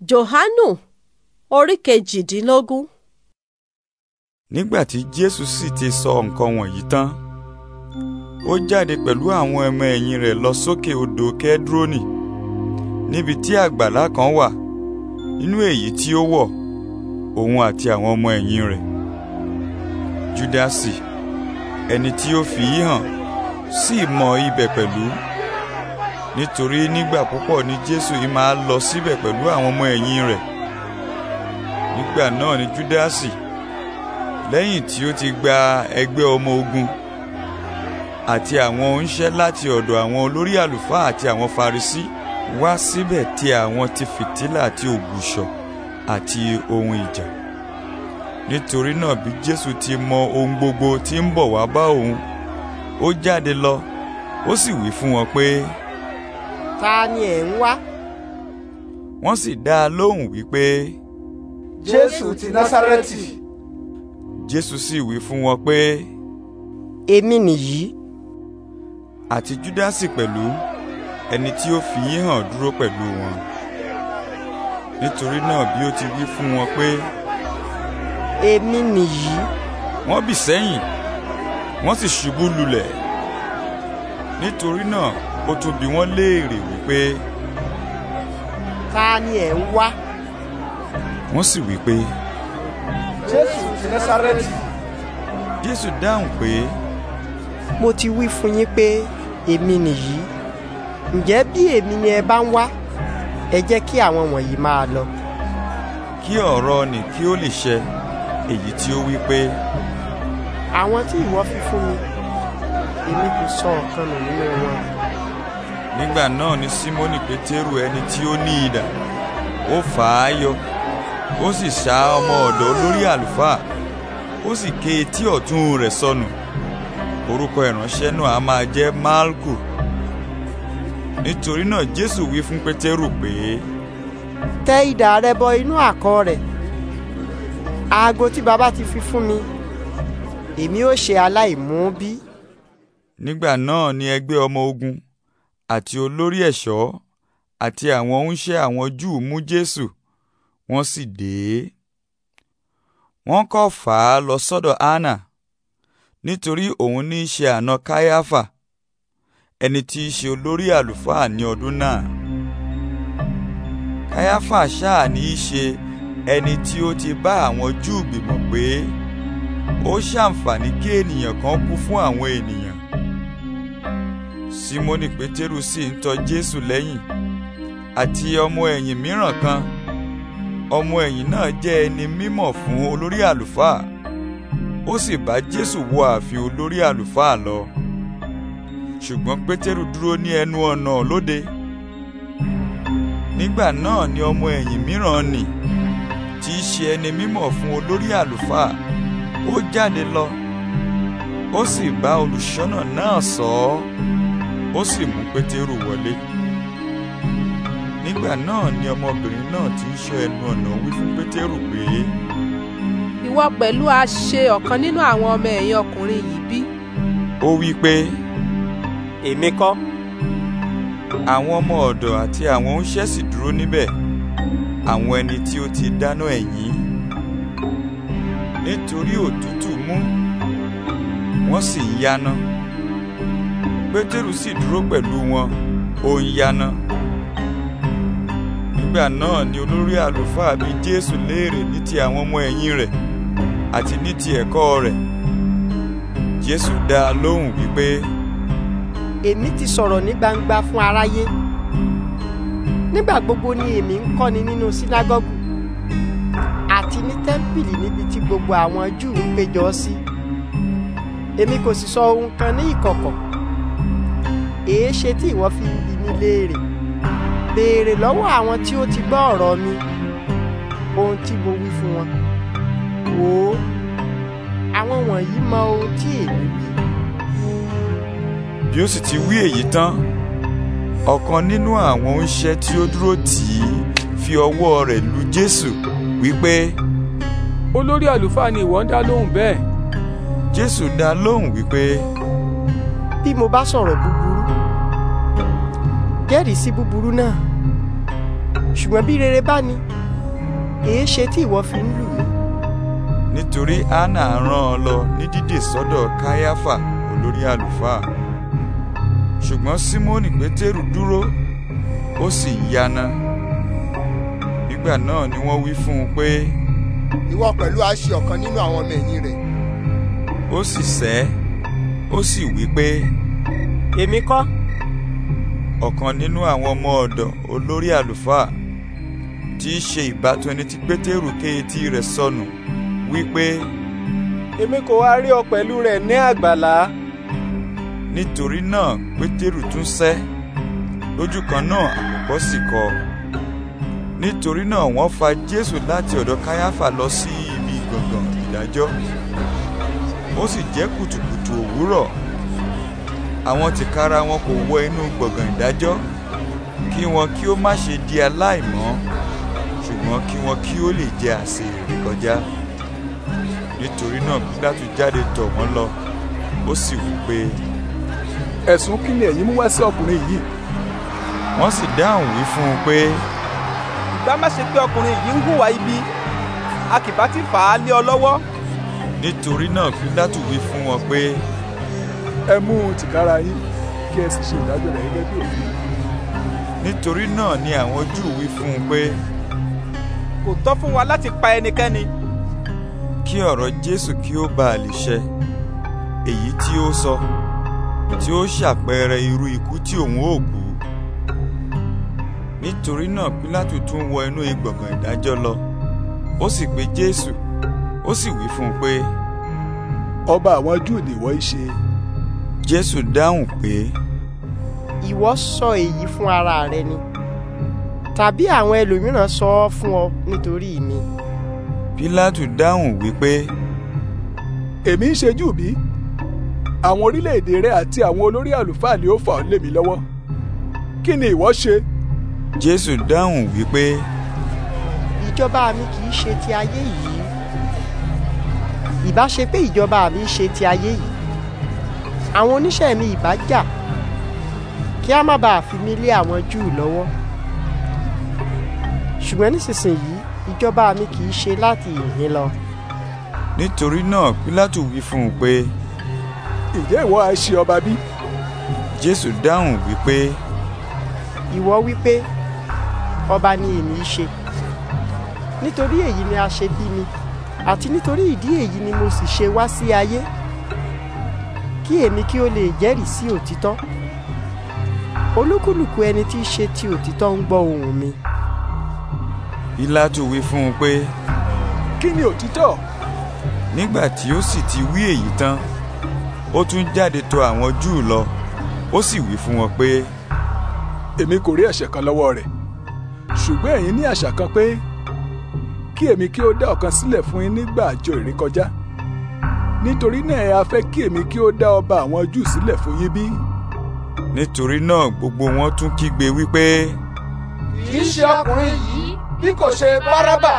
johanu orí kejìdínlógún. nígbà tí jésù sì ti sọ nǹkan wọ̀nyí tán ó jáde pẹ̀lú àwọn ọmọ ẹ̀yìn rẹ̀ lọ sókè odò kẹ́dúrónì níbi tí àgbàlá kan wà nínú èyí tí ó wọ̀ òun àti àwọn ọmọ ẹ̀yìn rẹ̀ júdásì ẹni tí ó fi í hàn sì mọ ibẹ̀ pẹ̀lú nítorí nígbà púpọ̀ ni jésù yìí máa lọ síbẹ̀ pẹ̀lú àwọn ọmọ ẹ̀yìn rẹ̀ nígbà náà ni júdásì lẹ́yìn tí ó ti gba ẹgbẹ́ ọmọ ogun àti àwọn oníṣẹ́ láti ọ̀dọ̀ àwọn olórí àlùfáà àti àwọn farisí wá síbẹ̀ tí àwọn ti fìtílà àti ògùṣọ̀ àti ohun ìjà nítorí náà bí jésù ti mọ ohun gbogbo tí ń bọ̀ wá bá òun ó jáde lọ ó sì wí fún wọn pé ta ni ẹ̀ ń wá? Wọ́n sì dá a lóhùn wípé. Jésù ti Násárẹ́tì. Jésù sì wí fún wọn pé. Èmi nìyí. Àti Júdásì pẹ̀lú ẹni tí ó fi í hàn dúró pẹ̀lú wọn. Nítorí náà bí ó ti wí fún wọn pé. Èmi nìyí. Wọ́n bì sẹ́yìn, wọ́n sì ṣubú lulẹ̀. Nítorí náà ó tún bi wọ́n léèrè wípé. ta ni ẹ̀ ń wá. wọ́n sì wípé. jésù ti násárẹ́tì. jésù dáhùn pé. mo ti wí fún yín pé èmi nìyí ǹjẹ́ bí èmi ni ẹ bá ń wá ẹ jẹ́ kí àwọn wọ̀nyí máa lọ. kí ọ̀rọ̀ ni kí ó lè ṣẹ èyí tí ó wí pé. àwọn tí ìwọ fi fún mi èmi kò sọ ọ̀kan nù nínú wọn nígbà náà ni simoni pétérù ẹni tí ó ní idà ó fà á yọ ó sì ṣá ọmọ ọ̀dọ̀ olórí àlùfáà ó sì ké etí ọ̀tún rẹ̀ sọnù orúkọ ìránṣẹ́ náà a máa jẹ́ malku nítorí náà jésù wí fún pétérù pé. tẹ idà rẹ bọ inú àkọ̀ rẹ̀ aago tí baba ti fi fún mi èmi ó ṣe aláìmú bí. nígbà náà ni ẹgbẹ́ ọmọ ogun àti olórí ẹ̀ṣọ́ àti àwọn oúnṣẹ́ àwọn Júù mú Jésù wọ́n sì dè é. Wọ́n kọ́ fà á lọ sọ́dọ̀ Anna nítorí òun ní í ṣe àna Káyáfà ẹni tí í ṣe olórí àlùfáà ní ọdún náà. Káyáfà ṣáà ní í ṣe ẹni tí ó ti bá àwọn Júù gbìmọ̀ pé ó ṣàǹfààní kí ènìyàn kan kú fún àwọn ènìyàn simoni pétérù sì ń tọ jésù lẹ́yìn àti ọmọ ẹ̀yìn mìíràn kan ọmọ ẹ̀yìn náà jẹ́ ẹni mímọ̀ fún olórí àlùfáà ó sì bá jésù wọ ààfin olórí àlùfáà lọ ṣùgbọ́n pétérù dúró ní ẹnu ọ̀nà lóde nígbà náà ni ọmọ ẹ̀yìn mìíràn nì tí í ṣe ẹni mímọ̀ fún olórí àlùfáà ó jáde lọ ó sì bá olùṣọ́nà náà sọ ọ́ ó sì mú pétérù wọlé nígbà náà ni ọmọbìnrin náà tí ń ṣọ́ ẹnu ọ̀nà wí fún pétérù pé. ìwọ pẹ̀lú a ṣe ọ̀kan nínú àwọn ọmọ ẹ̀yìn ọkùnrin yìí bí. ó wí pé. èmi kọ́. àwọn ọmọ ọ̀dọ̀ àti àwọn oúnṣẹ́ sì dúró níbẹ̀ àwọn ẹni tí ó ti dáná ẹ̀yìn nítorí òtútù mú wọ́n sì ń yáná pétérù sì dúró pẹ̀lú wọn ó ń yáná nígbà náà ni olórí àlùfáà bi jésù léèrè ní ti àwọn ọmọ ẹ̀yìn rẹ̀ àti ní ti ẹ̀kọ́ rẹ̀ jésù dá a lóhùn wípé. èmi ti sọ̀rọ̀ ní gbangba fún aráyé nígbà gbogbo ni èmi ń kọ́ni nínú sínágọ́gù àti ní tẹ́ḿpìlì níbi tí gbogbo àwọn júù ń péjọ sí èmi kò sì sọ ohun kan ní ìkọ̀kọ̀ èé ṣe tí ìwọ fi ń bi mí léèrè béèrè lọ́wọ́ àwọn tí ó ti gbọ́ ọ̀rọ̀ mi ohun tí mo wí fún wọn wò ó àwọn wọ̀nyí mọ ohun tí èmi wí. bí ó sì ti wí èyí tán ọ̀kan nínú àwọn oníṣẹ́ tí ó dúró tì í fi ọwọ́ rẹ̀ lu Jésù wípé. olórí àlùfáà ni ìwọ ń dá lóhùn bẹ́ẹ̀. Jésù dá lóhùn wípé. bí mo bá sọ̀rọ̀ bú jẹ́rìí sí búburú náà ṣùgbọ́n bí rere bá ní èé ṣe tí ìwọ fi ń lù mí. nítorí anna rán ọ lọ ní dídè sọ́dọ̀ káyáfà olórí àlùfáà ṣùgbọ́n simoni pétérù dúró ó sì yana nígbà náà ni wọ́n wí fún un pé. ìwọ pẹ̀lú a ṣe ọ̀kan nínú àwọn ọmọ ẹ̀yìn rẹ̀. ó sì sẹ́ ó sì wí pé. èmi kọ́ ọ̀kan nínú àwọn ọmọ ọ̀dọ̀ olórí àlùfáà tí í ṣe ìbátan ẹni tí pétérù ké etí rẹ̀ sọnù wípé. èmi kò wá rí ọ pẹ̀lú rẹ̀ ní àgbàlá. nítorí náà pétérù tún sẹ́ lójú kan náà àkùkọ sì kọ nítorí náà wọ́n fa jésù láti ọ̀dọ̀ káyáfà lọ sí ibi gbọ̀ngàn ìdájọ́ ó sì jẹ́ kùtùkùtù òwúrọ̀ àwọn tìkára wọn kò wọ inú gbọ̀ngàn ìdájọ́ kí wọn kí ó má ṣe di aláìmọ́ ṣùgbọ́n kí wọn kí ó lè jẹ àsè ìrékọjá nítorí náà Pílátù jáde tọ̀ wọ́n lọ ó sì wí pé. ẹ̀sùn kí ni ẹ̀yin mú wá sí ọkùnrin yìí. wọ́n sì dáhùn wí fún un pé. ìgbà má ṣe pé ọkùnrin yìí ń hùwà ibi a kì bá ti fà á lé ọ lọ́wọ́. nítorí náà Pílátù wí fún wọn pé. Pe ẹ mú un tìkára yín kí ẹ sì ṣe ìdájọ́ rẹ̀ gẹ́gẹ́ bí òfin. nítorí náà ni àwọn júù wí fún un pé. kò tọ́ fún wa láti pa ẹnikẹ́ni. kí ọ̀rọ̀ jésù kí ó bá a lè ṣẹ èyí tí ó sọ tí ó ṣàpẹẹrẹ irú ikú tí òun ó kú nítorí náà pílátù tún wọ inú ìgbọ̀ngàn ìdájọ́ lọ ó sì pe jésù ó sì wí fún un pé. ọba àwọn júù nìwọ í ṣe jésù dáhùn pé. ìwọ sọ èyí fún ara rẹ ni tàbí àwọn ẹlòmíràn sọ ọ́ fún ọ nítorí mi. pílátù dáhùn wípé. èmi ń ṣe júbì àwọn orílẹ̀-èdè rẹ àti àwọn olórí àlùfáà ni ó fà ọ́ lé mi lọ́wọ́ kí ni ìwọ ṣe. jésù dáhùn wípé. ìjọba mi kì í ṣe ti ayé yìí ìbá ṣe pé ìjọba mi ṣe ti ayé yìí àwọn oníṣẹ́ mi ìbá jà kí a má bàa fi mí lé àwọn Júù lọ́wọ́ ṣùgbọ́n nísinsìnyí ìjọba mi kì í ṣe láti ìhín lọ. nítorí náà Pílátù wí fún un pé. ǹjẹ́ ìwọ á ṣe ọba bí? Jésù dáhùn wípé. ìwọ wípé ọba ni èmi ṣe nítorí èyí ni a ṣe bí mi àti nítorí ìdí èyí ni mo sì ṣe wá sí ayé. Si kí èmi kí ó lè jẹ́rìí sí òtítọ́ olúkúlùkù ẹni tí í ṣe ti òtítọ́ ń gbọ́ ohùn mi. Pílátù wí fún un pé. kí ni òtítọ́. nígbà tí ó sì ti wí èyí tán ó tún jáde tọ̀ àwọn júù lọ ó sì wí fún wọn pé. èmi kò rí ẹ̀ṣẹ̀ kan lọ́wọ́ rẹ̀ ṣùgbọ́n ẹ̀yin ní àṣà kan pé kí èmi kí ó dá ọ̀kan sílẹ̀ fún yín nígbà àjọ ìrékọjá nítorí náà a fẹ́ kí èmi kí ó dá ọba àwọn Júù sílẹ̀ fún yín bí. nítorí náà gbogbo wọn tún kígbe wípé. kì í ṣe ọkùnrin yìí bí kò ṣe bárábà.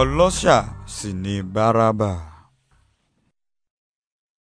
ọlọ́ṣà sì ni bárábà.